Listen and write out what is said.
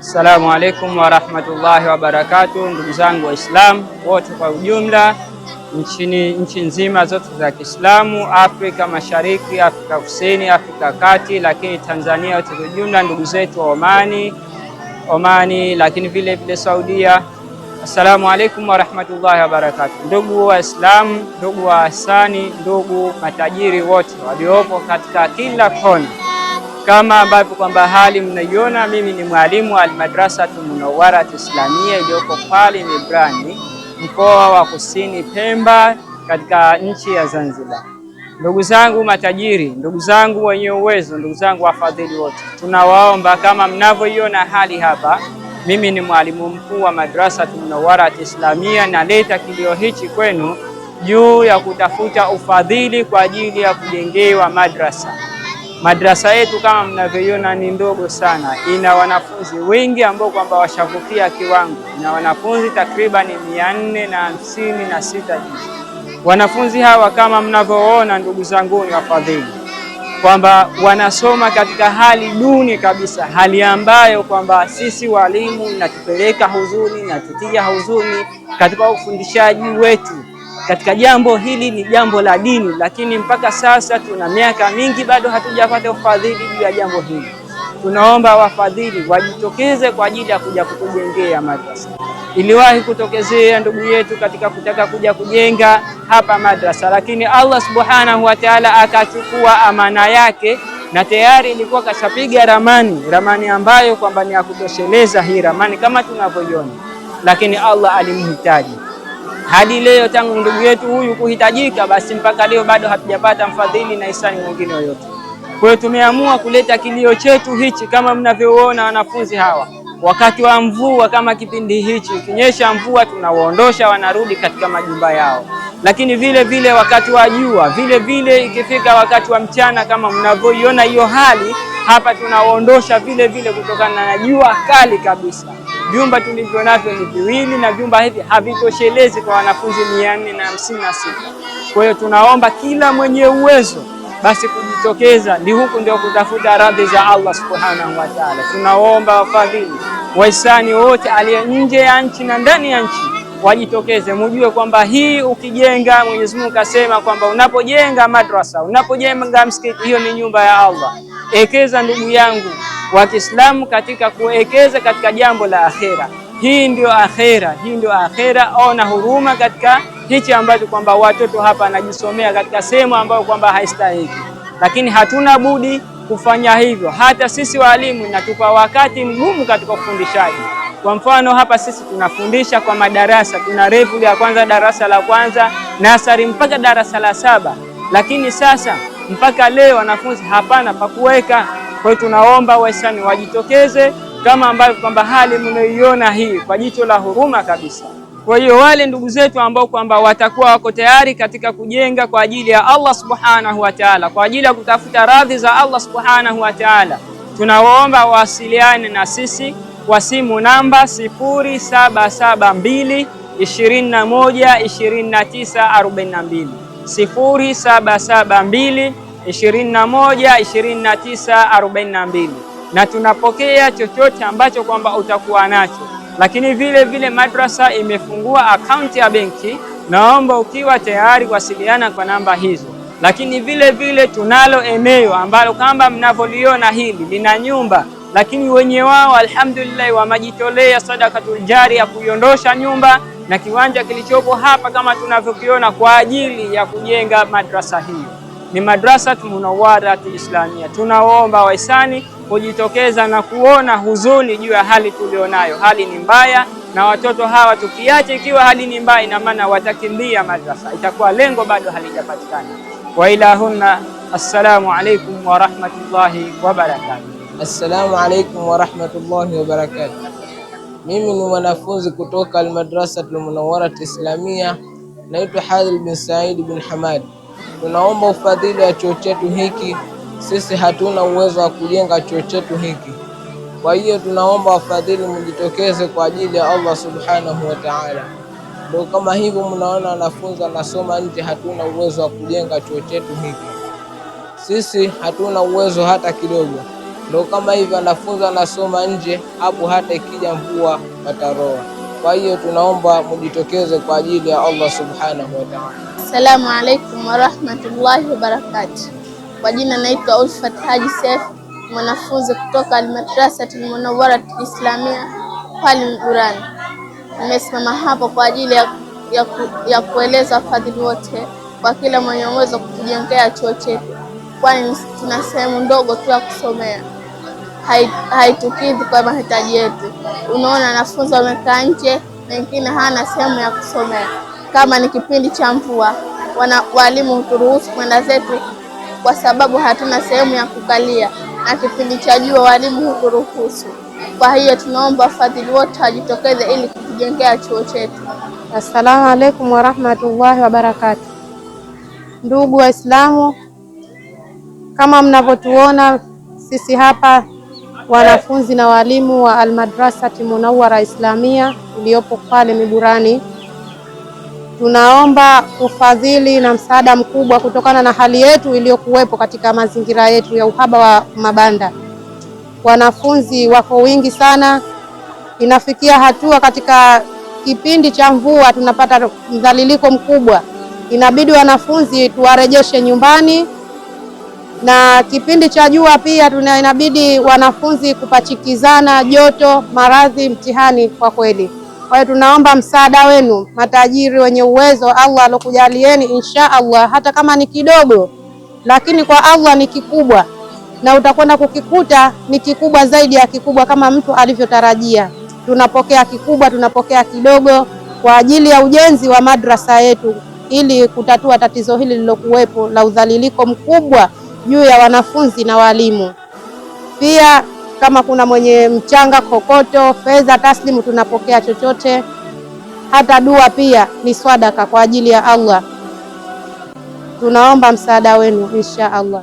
Assalamu alaikum warahmatullahi wabarakatu, ndugu zangu Waislamu wote kwa ujumla nchini, nchi nzima zote za Kiislamu, Afrika Mashariki, Afrika Kusini, Afrika Kati, lakini Tanzania yote kwa ujumla, ndugu zetu wa Omani, Omani lakini vile vile Saudia. Assalamu alaikum warahmatullahi wabarakatu, ndugu Waislamu, ndugu wa Hasani, ndugu matajiri wote waliopo katika kila kona kama ambavyo kwamba hali mnaiona, mimi ni mwalimu wa Almadrasatu Munawwarat Islamia iliyoko pale Mibrani, mkoa wa Kusini Pemba, katika nchi ya Zanzibar. Ndugu zangu matajiri, ndugu zangu wenye uwezo, ndugu zangu wafadhili wote, tunawaomba kama mnavyoiona hali hapa. Mimi ni mwalimu mkuu wa Madrasatu Munawwarat Islamia, naleta kilio hichi kwenu juu ya kutafuta ufadhili kwa ajili ya kujengewa madrasa Madrasa yetu kama mnavyoiona ni ndogo sana, ina wanafunzi wengi ambao kwamba washavukia kiwango, ina wanafunzi takribani mia nne na hamsini na sita juzi. Wanafunzi hawa kama mnavyoona, ndugu zangu ni wafadhili, kwamba wanasoma katika hali duni kabisa, hali ambayo kwamba sisi walimu natupeleka huzuni, natutia huzuni katika ufundishaji wetu katika jambo hili, ni jambo la dini, lakini mpaka sasa tuna miaka mingi bado hatujapata ufadhili juu ya jambo hili. Tunaomba wafadhili wajitokeze kwa ajili ya kuja kutujengea madrasa. Iliwahi kutokezea ndugu yetu katika kutaka kuja kujenga hapa madrasa, lakini Allah subhanahu wa taala akachukua amana yake na tayari ilikuwa kashapiga ramani, ramani ambayo kwamba ni ya kutosheleza hii ramani kama tunavyoiona, lakini Allah alimhitaji hadi leo tangu ndugu yetu huyu kuhitajika, basi mpaka leo bado hatujapata mfadhili na hisani mwingine yoyote. Kwa hiyo tumeamua kuleta kilio chetu hichi, kama mnavyoona wanafunzi hawa, wakati wa mvua kama kipindi hichi, kinyesha mvua tunawaondosha, wanarudi katika majumba yao, lakini vile vile wakati wa jua, vile vile ikifika wakati wa mchana, kama mnavyoiona hiyo hali hapa, tunawaondosha vile vile kutokana na jua kali kabisa. Vyumba tulivyo navyo ni viwili na vyumba hivi havitoshelezi kwa wanafunzi mia nne na hamsini na sita. Kwa hiyo tunaomba kila mwenye uwezo basi kujitokeza, ni huku ndio kutafuta radhi za Allah subhanahu wa ta'ala. Tunaomba wafadhili wahisani wote aliye nje ya nchi na ndani ya nchi wajitokeze, mujue kwamba hii ukijenga, Mwenyezi Mungu kasema kwamba unapojenga madrasa, unapojenga msikiti, hiyo ni nyumba ya Allah. Ekeza ndugu yangu wa Kiislamu katika kuwekeza katika jambo la akhera. Hii ndio akhera, hii ndio akhera. Ona huruma katika hichi ambacho kwamba watoto hapa anajisomea katika sehemu ambayo kwamba haistahiki, lakini hatuna budi kufanya hivyo. Hata sisi walimu natupa wakati mgumu katika ufundishaji. Kwa mfano hapa sisi tunafundisha kwa madarasa, tuna refu ya kwanza, darasa la kwanza, nasari mpaka darasa la saba, lakini sasa mpaka leo wanafunzi hapana pa kuweka kwa hiyo tunaomba Waislamu wajitokeze kama ambavyo kwamba hali mnayoiona hii kwa jicho la huruma kabisa. Kwa hiyo wale ndugu zetu ambao kwamba watakuwa wako tayari katika kujenga kwa ajili ya Allah subhanahu wa ta'ala, kwa ajili ya kutafuta radhi za Allah subhanahu wa ta'ala, tunawaomba wawasiliane na sisi kwa simu namba 0772 21 29 42 0772 21, na tunapokea chochote ambacho kwamba utakuwa nacho. Lakini vile vile madrasa imefungua akaunti ya benki, naomba ukiwa tayari kuwasiliana kwa namba hizo. Lakini vile vile tunalo eneo ambalo kamba mnavyoliona hili lina nyumba, lakini wenye wao alhamdulillah wamejitolea sadakatul jari ya kuiondosha nyumba na kiwanja kilichopo hapa kama tunavyokiona kwa ajili ya kujenga madrasa hiyo ni Madrasatu Munawwaratu Islamia. Tunawaomba waisani kujitokeza na kuona huzuni juu ya hali tulionayo. Hali ni mbaya, na watoto hawa tukiacha, ikiwa hali ni mbaya, ina maana watakimbia madrasa, itakuwa lengo bado halijapatikana. wa hunna, Assalamu alaykum wa rahmatullahi wa barakatuh. Assalamu alaykum wa rahmatullahi wa barakatuh. Mimi ni mwanafunzi kutoka Almadrasatul Munawwarat Islamia, naitwa Hadhil bin Said bin Hamad. Tunaomba ufadhili wa chuo chetu hiki, sisi hatuna uwezo wa kujenga chuo chetu hiki. Kwa hiyo tunaomba wafadhili mjitokeze kwa ajili ya Allah subhanahu wa ta'ala. Ndio kama hivyo mnaona wanafunzi anasoma nje, hatuna uwezo wa kujenga chuo chetu hiki, sisi hatuna uwezo hata kidogo. Ndio kama hivyo wanafunzi anasoma nje hapo, hata ikija mvua wataroa. Kwa hiyo tunaomba mjitokeze kwa ajili ya Allah subhanahu wa ta'ala. Assalamu alaikum warahmatullahi wabarakatu Kwa jina naitwa Ulfat Haji Sef, mwanafunzi kutoka Almadrasati Almunawwarat Islamia pale Mgurani. Nimesimama hapo kwa ajili ya, ya, ku, ya kueleza wafadhili wote kwa kila mwenye uwezo kutujengea chuo chetu, kwani tuna sehemu ndogo tu ya kusomea, haitukidhi hai kwa mahitaji yetu. Unaona wanafunzi wamekaa nje, wengine hana sehemu ya kusomea kama ni kipindi cha mvua, walimu huturuhusu kwenda zetu kwa sababu hatuna sehemu ya kukalia, na kipindi cha jua walimu huturuhusu. Kwa hiyo tunaomba wafadhili wote wajitokeze ili kutujengea chuo chetu. Assalamu alaikum warahmatullahi wabarakatu Ndugu Waislamu, kama mnavyotuona sisi hapa wanafunzi na walimu wa Almadrasati Munawara Islamia iliyopo pale Miburani Tunaomba ufadhili na msaada mkubwa kutokana na hali yetu iliyokuwepo katika mazingira yetu ya uhaba wa mabanda. Wanafunzi wako wingi sana, inafikia hatua katika kipindi cha mvua tunapata mdhaliliko mkubwa, inabidi wanafunzi tuwarejeshe nyumbani, na kipindi cha jua pia tuna inabidi wanafunzi kupachikizana joto, maradhi, mtihani. Kwa kweli kwa hiyo tunaomba msaada wenu, matajiri wenye uwezo, Allah alokujalieni insha Allah, hata kama ni kidogo, lakini kwa Allah ni kikubwa, na utakwenda kukikuta ni kikubwa zaidi ya kikubwa kama mtu alivyotarajia. Tunapokea kikubwa, tunapokea kidogo kwa ajili ya ujenzi wa madrasa yetu, ili kutatua tatizo hili lilokuwepo la udhaliliko mkubwa juu ya wanafunzi na walimu pia kama kuna mwenye mchanga, kokoto, fedha taslimu, tunapokea chochote. Hata dua pia ni swadaka kwa ajili ya Allah. Tunaomba msaada wenu insha Allah.